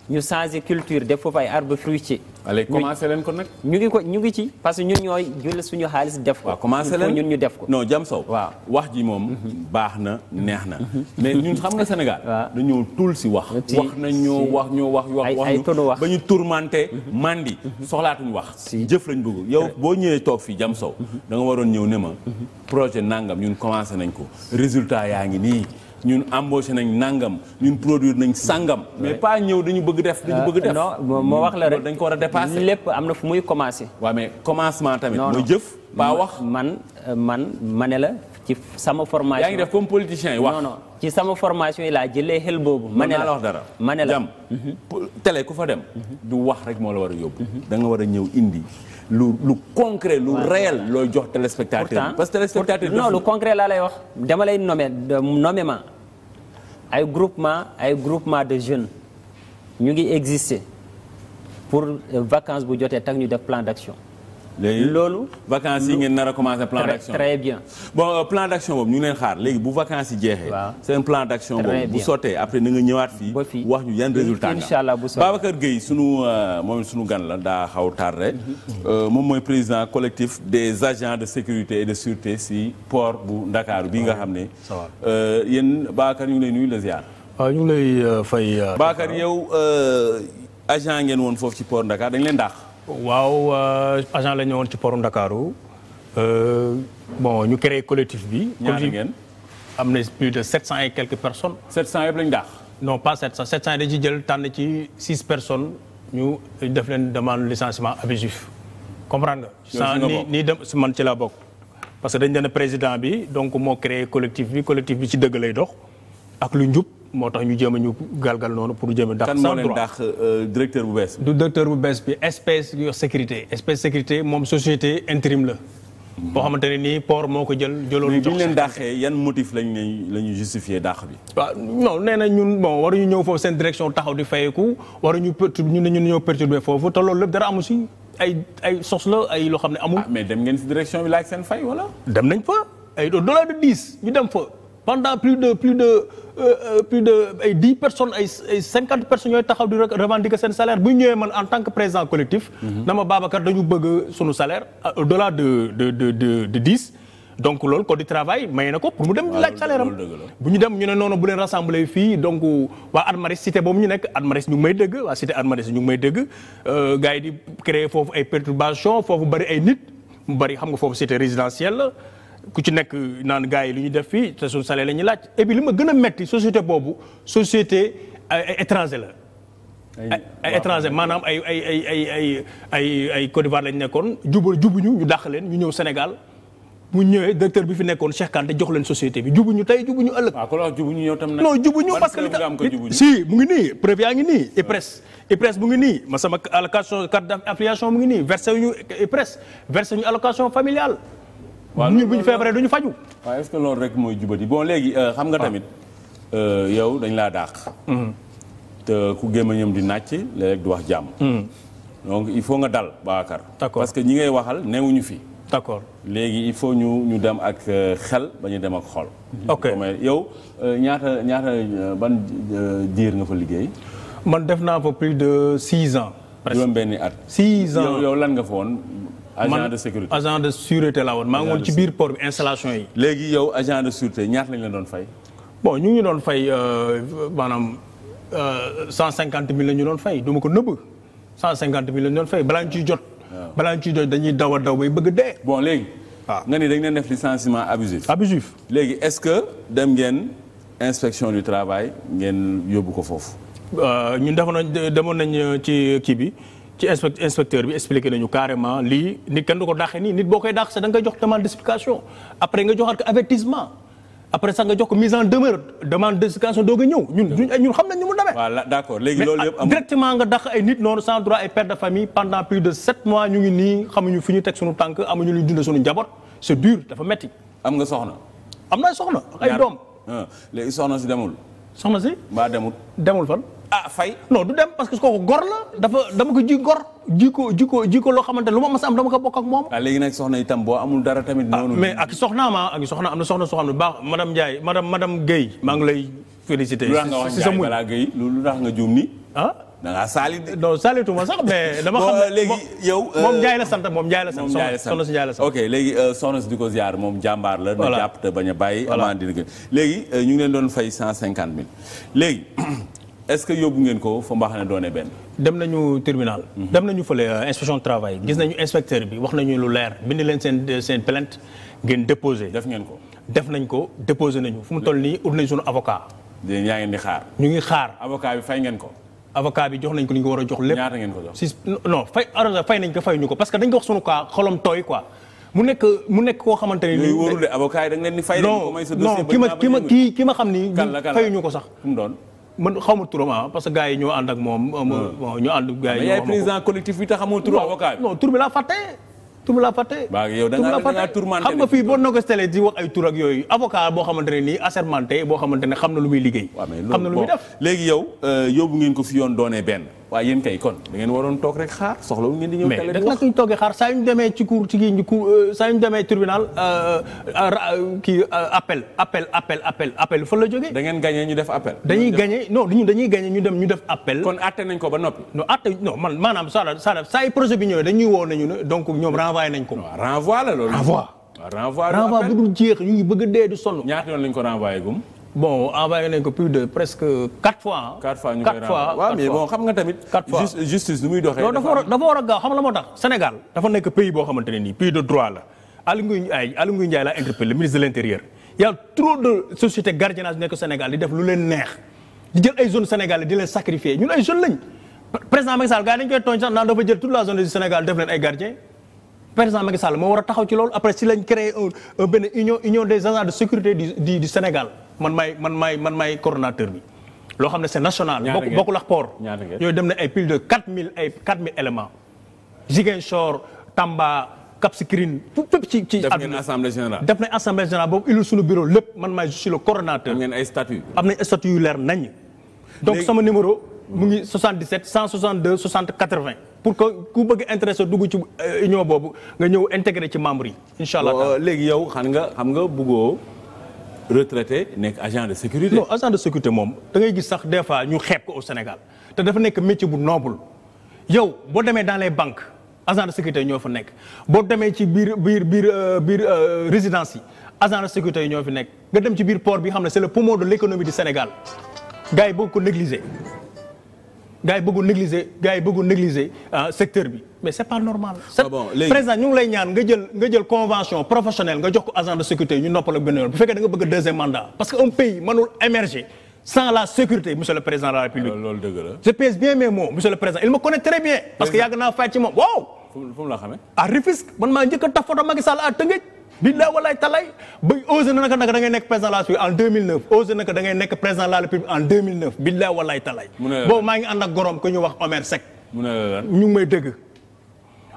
ñu changé culture def foofu ay arbre fruitier. allez commencé leen ko nag. ñu ngi ko ñu ngi ci parce que ñun ñooy jël suñu xaalis def ko. waaw commencé leen ñun ñu def ko. non jam sow waaw wax ji moom. baax na neex na. mais ñun xam nga Sénégal. waaw dañoo tuul si wax. wax na wax ñu wax. ay ay tonneau wax ba ñu tourmenté mandi. soxlaatuñu wax. jëf lañ bëgg yow boo ñëwee toog fii jam sow da waroon ñëw ne ma. Mhm. projet nangam ñun commencé nañ ko résultat yaa ngi nii. ñun embauché nañ nangam ñun produire nañ sangam. mais pas ñëw dañu bëgg def dañu bëgg def. Euh, non moo wax la rek dañ ko war a dépassé. lépp am na fu muy commencé. waaw mais commencement tamit. mooy jëf pas wax man euh, man ma ne la. ci sama formation yaa def comme yi wax non ci sama formation yi laa jëlee xel boobu. ma ne la wax dara ma ne la jam mhm. télé ku fa dem. Mhm. du wax rek moo la war a yóbbu. Mhm. danga war a ñëw indi. lu lu concret lu réel looy jox téléspectateur parce que téléspectateur non lu concret laa lay wax dama lay nommer nommément ay groupement ay groupement de jeunes ñu ngi exister pour vacances bu jotee tak ñu def plan d'action léegi loolu. vacances yi ngeen nar a commencé plan d'action très bien. bon euh, plan d'action boobu ñu ngi leen xaar léegi bu vacances yi jeexee. waaw seen plan d'action boobu bu sottee après na nga ñëwaat fii. wax ñu yan résultat nga incha allah bu sottee Babacar Gueye sunu euh, moom sunu gan la daa xaw tardé. Mhm. Euh, moom mooy président collectif des agents de sécurité et de sûreté si port bu Ndakaaru bii nga xam ne. yéen Babacar ñu ngi lay nuyu la ziar. ñu ngi lay fay. Babacar yow agent ngeen woon foofu ci port Ndakaar dañ leen dàq. waaw euh, agent la ñëwoon ci poru Ndakaaru euh, bon ñu créé collectif bi. ñaari ngeen am na plus de sept cent et quelques personnes. sept cent yëpp lañ daax. non pas sept cent sept cent dañ ci jël ci six personnes ñu def leen demande licenciement abusif comprendre nga. ni ni dem si man ci laa bokk. parce que dañ leen président bi donc moo créé collectif bi collectif bi ci dëgg lay dox ak lu njub. moo tax ñu jéem a ñu galgal noonu pour jéem a. dàq kan moo leen dàq euh, directeur bu bees bi. du directeur bu bees bi espèce yu sécurité espèce sécurité moom société intérim la. boo xamante ne nii port moo ko jël jëloon. jox leen dàqee yan motif lañ leen la ñu justifié dàq bi. waaw non nee na ñun bon waruñu ñëw foofu seen direction taxaw di fayeku waruñu perturb ñun dañu ñëw perturbé foofu te loolu lépp dara amu si ay ay sos la ay loo xam ne amul. Ah, mais dem ngeen si direction bi laaj seen fay wala. dem nañ fa ay au-delà ñu dem fa. pendant plus de plus de euh, euh, plus de ay dix personnes ay ay cinquante personnes ñooy taxaw di revendiquer seen salaire bu ñëwee man en tant que président collectif. dama mhm. Babacar dañu bëgg sunu salaire ah, au delà de de dix. donc loolu code du travail may na ko pour mu dem laaj salaire am bu ñu dem ñu ne noonu bu leen rassembler fii donc waa Admaris cité boobu ñu nekk Admaris ñu may dëgg waa cité Admaris ñu ngi may dëgg euh, gars yi di créer foofu ay perturbation foofu bari ay nit mu bari xam nga foofu cité résidentielle la ku ci nekk naan gars yi lu ñu def fii te suñu salaire la ñuy laaj et li ma gën a metti société boobu société euh, étranger la. ay étranger maanaam ay ay ay ay ay ay ay Côte d'Ivoire lañ nekkoon jubal jubuñu ñu dàq leen ñu ñëw Sénégal mu ñëwee directeur bi fi nekkoon Cheikh Kanté jox leen société bi jubu ñu tey jubuñu ëllëg. waaw kon wax jubuñu yow tam nag. non jubuñu parce que li tax si mu ngi nii preuve yaa ngi nii IPRES. IPRES mu ngi nii ma sama allocation carte d'affiliation mu ngi nii versé ñu IPRES versé ñu familiale. ñun bu ñu feebaree du ñu faju waaw est-ce que loolu rek mooy jubati bon léegi euh, xam nga ah. tamit euh, yow dañ laa dàq mm-hmm. te ku gémmañam di nàcc léeg du wax jàmm mm-hmm. donc il faut nga dal Babacar parce que ñi ngay waxal newuñu fi d'accord léegi il faut ñu ñu dem ak euh, xel ba ñu dem ak xol ok yow ñaata ñaata ban diir nga fa liggéey man def naa fa plus de six ans juróom benni at six ans yow lan nga fa woon agent de sécurité man agent de sûreté laa woon. maa ngi ci biir port bi installation yi. léegi yow agent de sûreté ñaata lañ la doon fay. bo ñu ngi doon fay euh, maanaam euh, cent cinquante mille la ñu doon fay du ma ko nëbb cent cinquante mille la ñu doon fay balaa ñu ciy jot. balaa ñu ciy jot dañuy daw a daw bay bëgg dee. bo léegi. waaw ah. nga ni dañ leen def licenciement abusif. abusif léegi est-ce que dem ngeen inspection du travail ngeen yóbbu ko foofu. Euh, ñun defoon nañ demoon nañ ci kii bi. ci inspecteur bi expliqué nañu carrément lii nit kenn du ko dàqee nii nit boo koy dàq sax nga koy jox demande d'explication après nga joxaat ko avertissement après sax nga jox ko mise en demeure demande d'explication doog a ñëw ñun ñun xam nañ ñu mu demee. voilà d'accord léegi loolu yëpp am directement nga dàq ay nit noonu sans droit ay père de famille pendant plus de sept mois ñu ngi nii xamuñu fi ñu teg suñu tànk amuñu luy dund suñu njaboot c'est dur dafa metti am nga soxna. am na soxna ay doom. Ah, léegi soxna si demul. soxna si. mbaa demul demul ah fay non du dem parce que kooku gor la dafa dama ko ji gor ji ko ji ko ji ko loo xamante lu ma mas am dama ko bokk ak moom ah léegi itam boo amul dara tamit ah, mais ak soxna ma ak soxna am na soxna soo xam ne baax madame Ndiaye madame madame Guèye maa ngi lay félicité si sa muy lu tax nga juum ni ah da ngaa saali de. non saalituma sax mais dama xam ne euh, léegi yow. moom euh, Ndiaye moom Ndiaye la sant. si Ndiaye la sant ok léegi euh, soxna si di ko ziar moom jàmbaar la. voilà na jàpp te a bàyyi. voilà léegi ñu ngi leen doon fay cent cinquante mille léegi. est-ce que yóbbu ngeen ko fa mbaax ne doone benn. dem nañu tribunal. Mhm. dem nañu fële euh, inspection de travail. gis nañu inspecteur bi wax nañu lu leer bind leen seen euh, seen plainte ngeen déposé. def ngeen ko def nañ ko déposé nañu fu mu toll nii ut nañ suñu avocat. yéen xaar. ñu ngi xaar avocat bi fay ngeen ko. bi jox nañ ko li war a jox lépp. ñaata ngeen ko jox si ko fayuñu ko parce que dañ ko wax suñu cas xolom tooy quoi. mu nekk mu nekk koo xamante ne nii. wóorul de avocat yi da ngeen ki ma ki ma xam ni. fayuñu ko sax doon man xaw ma turam ah parce que gars yi ñoo ànd ak moom. Ah, ah. bon ñoo ànd ak gars yi. yaay président collectif am te xamul bi laa fàtte. tur bi laa fàtte. xam nga fii boo négocié di wax ay tur ak yooyu avocat boo xamante ne nii assermenté boo xamante ne xam na lu muy liggéey. xam na lu muy def léegi yow euh, yóbbu ngeen ko fi yoon doonee benn. waaye yéen kay kon da ngeen waroon toog rek xaar soxla wu ngeen di ñëw. télé di wax mais nag ñu toogee xaar kii appel appel appel appel appel fa la jógee. da ngeen gagné ñu def appel. dañuy gagné non ñun dañuy gagné ñu dem ñu def appel. kon àtte nañ ko ba noppi. non maanaam saa saa saa projet bi ñëwee dañuy woo nañu ne donc ñoom renvoyé nañ ko. waaw renvoi la loolu. bu dul jeex ñu ngi bëgg dee du sonn. ñaata yoon lañ ko renvoyé gum. bon envoyé nañ ko plus de presque quatre fois. quatre fois ñu bon xam nga tamit. quatre fois justice nu muy doxee. dafa war a dafa war gaaw xam la moo tax Sénégal dafa nekk pays boo xamante ne nii pays de droit la Aly Ngouille Ndiaye Aly Ngouille Ndiaye laa interpellé le def lu leen neex di jël ay zone Sénégal di leen sacrifier ñun ay jeunes lañ président Macky Sall gars yi tooñ sax naan dafa jël toute la zone du Sénégal def leen ay gardien président Macky Sall war a taxaw ci loolu après si lañ créé un benn Sénégal man maay man maay man maay coordonnateur bi loo xam ne c'est national. ñaata ngeen bokkul ak port. yooyu dem na ay plus de 4000 ay 4000 éléments. Ziguinchor Tamba Cap Skirring fépp ci ci. def ngeen assemblée générale def nañ assemblée générale boobu il suñu bureau lépp man maay je suis le coordonnateur. am ngeen ay statuts am nañ yu leer nañ. donc sama numéro. mu ngi 77 162 60 80. pour que ku bëgg intéressé dugg ci euh, union boobu nga ñëw intégré ci membre yi. incha allah euh, léegi yow xam nga xam nga bugoo retraité nekk agent de sécurité. agent de sécurité moom da ngay gis sax des fois ñu xeeb ko au Sénégal te dafa nekk métier bu noble yow boo demee dans les banques agent de sécurité ñoo fa nekk boo demee ci biir biir biir euh, biir euh, résidence yi agent de sécurité yi ñoo fi nekk nga dem ci biir port bi xam ne c'est le poumon de l'économie du Sénégal gars yi bëgg ko négliger gars yi bëgg négliger gars yi bëgg négliger euh, secteur bi. mais c'est pas normal. ah bon léegi président ñu ngi lay ñaan nga jël nga jël convention professionnelle nga jox ko agent de sécurité ñu noppal ak benn yoon bu fekkee da bëgg deuxième mandat parce que un pays mënul émerger sans la sécurité monsieur le président la république. Ah, loolu dëgg la. je pèse bien mes le président il me connaît très bien. parce que yàgg naa fay ci moom waaw. fu mu man maa njëkk a taf photo Macky Sall à Tëngéej. billaay walaay talaay ba osé na naka naka ne la boobu maa ngi ànd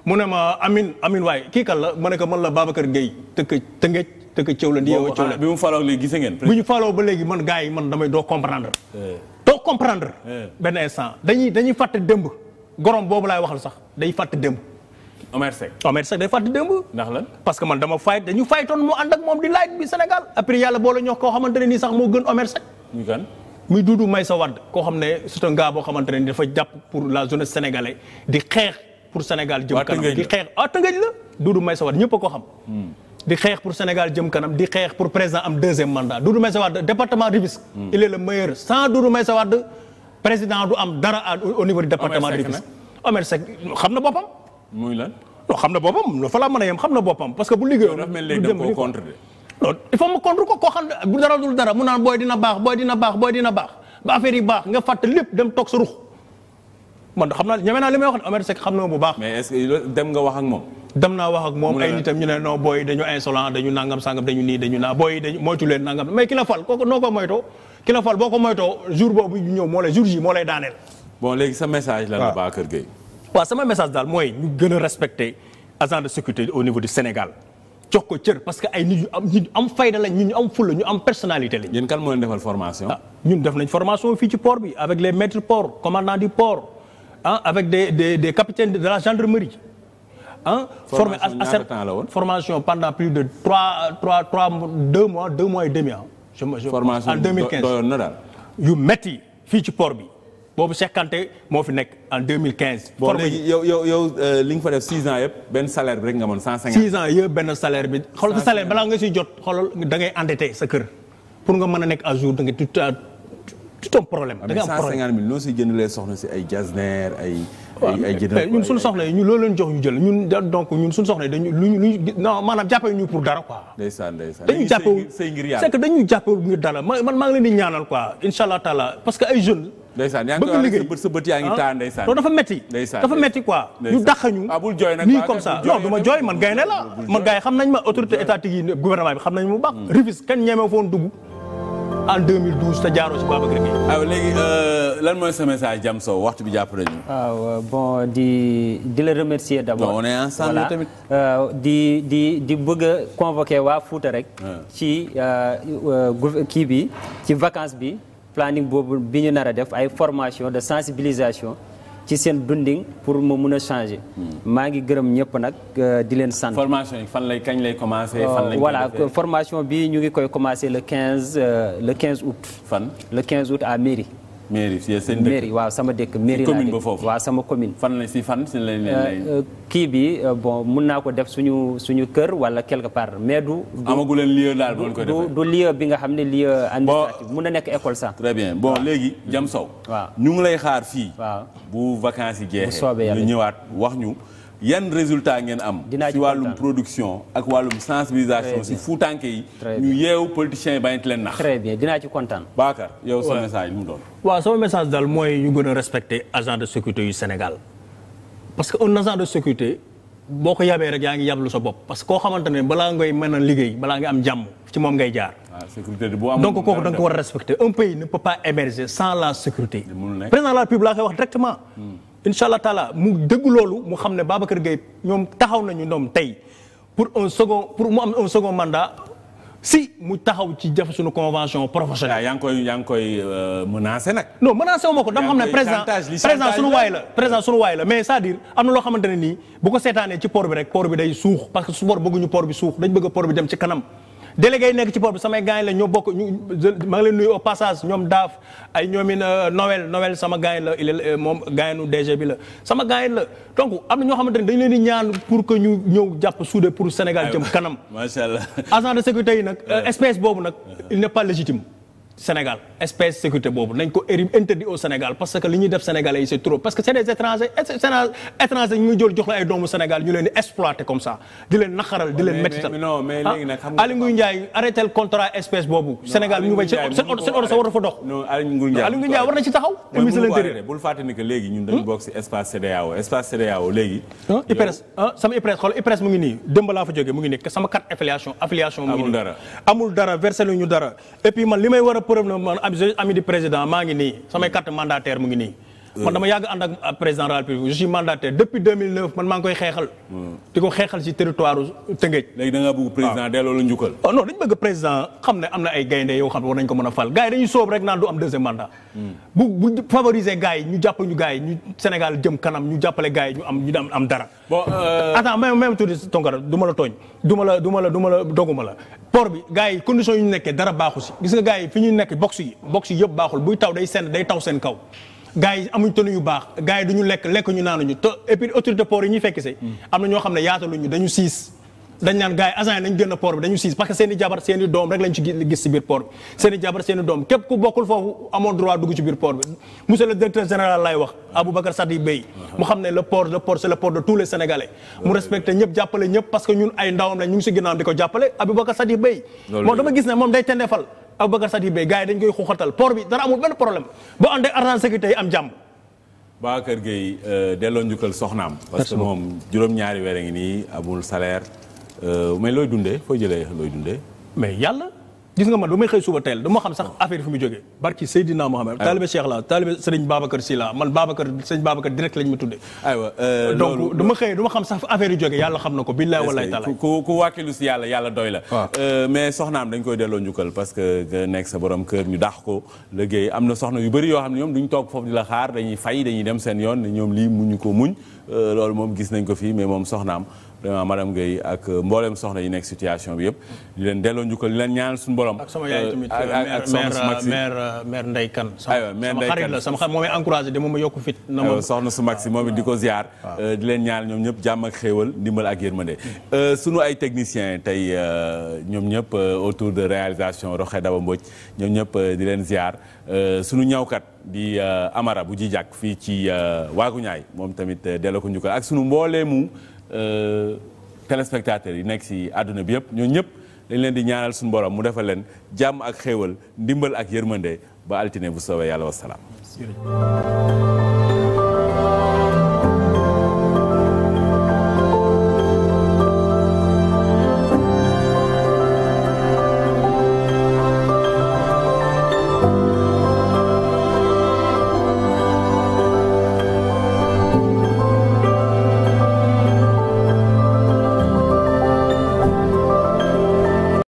mu ne ma Amine amin waaye kii kan la ma ne ko man la Babacar Gueye tëkk tëngëj tëkk cëw la. boobu ah bi mu faaloo gis ngeen. bu ñu faaloo ba léegi man gaa yi man damay doo comprendre. Eh. doo comprendre. Eh. benn instant dañuy dañuy fàtte démb. gorom boobu laay waxal sax day fàtte dëmb Omer Seck Omer Seck day fàtte ndax lan parce que man dama faay dañu faytoon mu ànd ak moom di laaj bi Sénégal. après yàlla boole ñoo koo xamante ne nii sax moo gën Omer Seck. muy kan may sa Maïssa koo xam ne c'est un gars boo xamante ne dafa jàpp pour la jeunesse sénégalaise di xeex pour Sénégal jëm kanam di xeex la Doudou Maïssa ñëpp a xam hmm. di xeex pour Sénégal jëm kanam di xeex pour président am deuxième mandat Doudou Maïssa Wade département Rufisque hmm. il est le meilleur sans Doudou Maïssa Wade président du am dara a niveau du département Rufisque Omer Seck xam na boppam muy lan non xam na boppam loo fa laa a yem xam na boppam parce que bu liggéeyoon du dem ko contre loolu il faut ma contre ko koo xam bu dara dul dara mu naan booy dina baax booy dina baax booy dina baax ba affaire yi baax nga fàtte lépp dem toog sa man xam naa ñeme naa wax Omer Seck na bu baax. mais est-ce que dem nga wax ak moom. dem naa wax ak moom ay nitam ñu ne non booy dañu insolent dañu nangam sangam dañu nii dañu naa booy dañu moytu leen nangam mais ki la fal kooku noo ko moytoo ki la fal boo ko moytoo jour boobu ñëw moo lay jour ji moo lay daaneel. bon léegi sa message. lan la Bakar Gueye. waa sama message daal mooy ñu gën a respecter agent de sécurité au niveau de Sénégal jox ko cër parce que ay nit ñu am nit ñu ñu am fulla ñu am personnalité lañ. yéen kan moo ah, ñun def nañ formation fii ci port bi avec les maîtres port commandant du port. ah avec de de des capitaines de la gendarmerie. ah formé à cette formation pendant plus de trois trois trois deux mois deux mois et demi ah. je je en na daal. yu metti fii ci port bi. boobu Cheikh Kanté moo fi nekk en 2015. bon léegi yow yow yow euh, li nga fa def 6 ans yëpp benn salaire bi rek nga mën 150. 6 ans yëpp benn salaire bi. xool sa salaire balaa nga siy jot xoolal da ngay sa kër. pour nga mën a nekk à jour da nga tout un problème da nga am problème cent cinquante mille soxna si ay jasner ay. ay ay ñun suñu soxna yi ñun loolu lañ jox ñu jël ñun ñu ñun suñu soxna yi dañu luñu ñu pour dara quoi. ndeysaan ndeysaan dañu jàppee c'est que dañu jàppee ngir man maa ngi leen di ñaanal quoi incha allah taala parce que ay jeunes. ndeysaan yaa ngi ko sa dafa metti dafa metti quoi ñu dàqañu ah, nii comme ça non du ma jooy man gaynde la man gars yi xam nañ ma autorité étatique yi gouvernement xam nañ ma bu baax hmm. rifis kenn ñeemee foon dugg en 2012 te jaaroo ci Babacar Gueye. waaw léegi euh, lan mooy sa message Diam waxtu bi jàpp nañu. Euh, bon di di la remercier d' abord. on est ensemble tamit euh, di di di bëgg a convoquer waa Fouta rek. ci kii bi ci vacance bi planning boobu bi ñu nar def ay formation de sensibilisation. ci seen dundin pour mu mun a changer. Hmm. maa ngi gërëm ñëpp nag euh, di leen sant. formation yi fan lay kañ lay commencer. fan lañ euh, voilà formation bi ñu ngi koy commencer le 15 euh, le 15 août. fan le 15 août à mairie. mairie seen dëkk mairie waaw sama dëkk. mairie laa commune ba foofu waaw sama commune. fan la si fan si lañ leen euh, euh, kii bi euh, bon mun naa ko def suñu suñu kër wala quelque part mais du. amagu leen lieu daal bu ko du lieu bi nga xam ne lieu. administratif mun na nekk école sax. bien bon léegi Jam Sow. waaw ñu ngi lay xaar fii. waaw bu vacances yi jeexee. bu ñëwaat wax ñu. yan résultat ngeen am ci wàllum production ak wàllum sensibilisation si fuutànke yi ñu yeewu politiciens yi bañet leen nax très bien dinaa ci kontaan Bakar yow sa message lu mu doon waa soo message daal mooy ñu gën a respecter agent de sécurité yu Sénégal parce que un agent de sécurité boo ko yabee rek yaa ngi yablu sa bopp parce que koo xamante ne balaa ngay mën a liggéey balaa nga am jàmm ci moom ngay jaar ah, donc kooku da nga war a respecter un pa ne peut la sécurité incha allah taala mu dëgg loolu mu xam ne Babacar Gueye ñoom taxaw nañu ñoom tey pour un second pour mu am un second mandat si mu taxaw ci jafe suñu convention professionnelle. yaa ngi koy yaa ngi koy euh, menacé nag. non menacé wu ma ko dama xam ne président président suñu waay la président suñu waay la mais cest à am na loo xamante nii bu seetaanee ci port bi rek port bi day suux parce que su port bëgguñu port bi suux dañ bëgg port bi dem ci kanam. délégué yi nekk ci port bi samay gars la ñoo bokk ñu ma ngi leen nuyu au passage ñoom daaf ay ñoomin euh, nowel Noël sama gars la il euh, moom gars yi bi la sama gars yi la donc am na ñoo xamante ne dañu leen di ñaan pour que ñu ñëw jàpp soudé pour Sénégal jëm kanam macha allah agent de sécurité yi nag euh, espèce boobu nag il n'est pas légitime Sénégal espèce sécurité boobu nañ ko érim interdit au Sénégal parce que li ñuy def sénégalais yi c'est ñu ngi jox la ay doomu Sénégal ñu leen di exploiter comme ça di leen naxaral di leen méttital non mais ah, léegi nag xam nga boobu Sénégal ñu ngi seen oto seen oto sa war dafa dox non Aly Ngouille war na ci taxaw bul fàtte léegi ñun dañu hmm? bokk ci espace CEDEAO espace CEDEAO léegi IPRES sama IPRES xool IPRES mu ngi mu ngi nii preuve na man ami du président maa ngi nii samay carte mandataire mu ngi nii Euh. man dama yàgg ànd ak euh, président de la République je suis mandataire depuis 2009 man maa ngi koy xeexal. Hmm. di ko xeexal ci territoire Tëngéej. léegi da ngaa bëgg président ah. delloo la njukkal. oh non dañu bëgg président xam ne am na ay gaynde yoo xam ne war nañu ko mën a fal gars yi dañuy soob rek naan du am deuxième mandat. Hmm. bu bu favoriser gars yi ñu jàpp ñu yi ñu Sénégal jëm kanam ñu jàppale gars yi ñu am ñu am dara. bon euh, attends même même tuuti Tounkara du ma la tooñ du ma la ma la du ma la doguma la port bi gars yi ñu nekkee dara baaxu si gis nga yi fi ñuy nekk box yi box yi yëpp baaxul buy taw day seen day taw seen kaw gars yi amuñ tenue yu baax gars yi duñu lekk lekk ñu naanuñu te et puis autorité port yi ñuy fekk si. Hmm. am na ñoo xam ne yaataluñu dañu siis. dañ naan gars yi agent yi nañ génn bi dañu siis parce que seen jabar seen doom képp ku bokkul foofu amoon droit dugg ci biir port bi monsieur le directeur général laay wax Aboubacar Sadi Bey mu xam ne le port le port c'est de tous les sénégalais mu respecté ñëpp jàppale ñëpp parce que ñun ay ndawam lañ si ginnaawam di ko jàppale Aboubacar Sadibé gars yi dañ koy xoxatal port bi dara amul benn problème ba ànd ak a sécurité yi am jàmm. Babacar Gueye euh, delloo njukkal soxnaam. parce que moom juróom-ñaari weer a ngi nii amul salaire euh, mais looy dundee foo jëlee looy dundee. mais yàlla. gis nga man ba may xëy suba teel dama xam sax affaire fi mu jógee barki Seydina Mohamed taalibe Cheikh la taalibe Sëriñ Babacar Si la man Babacar ma tuddee aywa euh, donc dama xëy dama xam sax affaire yu jógee yàlla xam na ko billaay wallaay taala ku ku wàkkilu si yàlla yàlla doy la euh, mais soxnaam dañ koy delloo njukkal parce que nekk sa borom kër ñu daax ko liggéey am na soxna yu bari yoo xam ne ñoom duñ toog foofu di la xaar dañuy fay dañuy dem seen yoon ne ñoom lii muñu ko muñ euh, loolu moom gis nañ ko fii mais moom soxnaam ma madame Guèye ak euh, mbooleem soxna yi nekk situation bi yëpp. di leen delloo njukkal di leen ñaanal suñu borom. ak sama yaay euh, tamit ak soxna su mère euh, mère Ndeye Kane. aywa de moom ma yokk fit. soxna su mag si moom di ko ziar. di leen ñaanal ñoom ñëpp jàmm ak xéewal ndimbal ak yërmande. ay techniciens tey ñoom ñëpp autour de réalisation Roxé Daba Mbodj ñoom ñëpp di leen ziar sunu ñawkat di Amara bu ji jàkk fii ci Waagu Ñaay moom tamit delloo ko njukkal ak sunu mbooleemu. Euh, téléspectateurs yi nekk si àdduna bi yëpp ñooñu ñëpp dañ leen di ñaanal suñu borom mu defal leen jàmm ak xéewal ndimbal ak yërmande ba altine bu soobee yàlla wasalaam.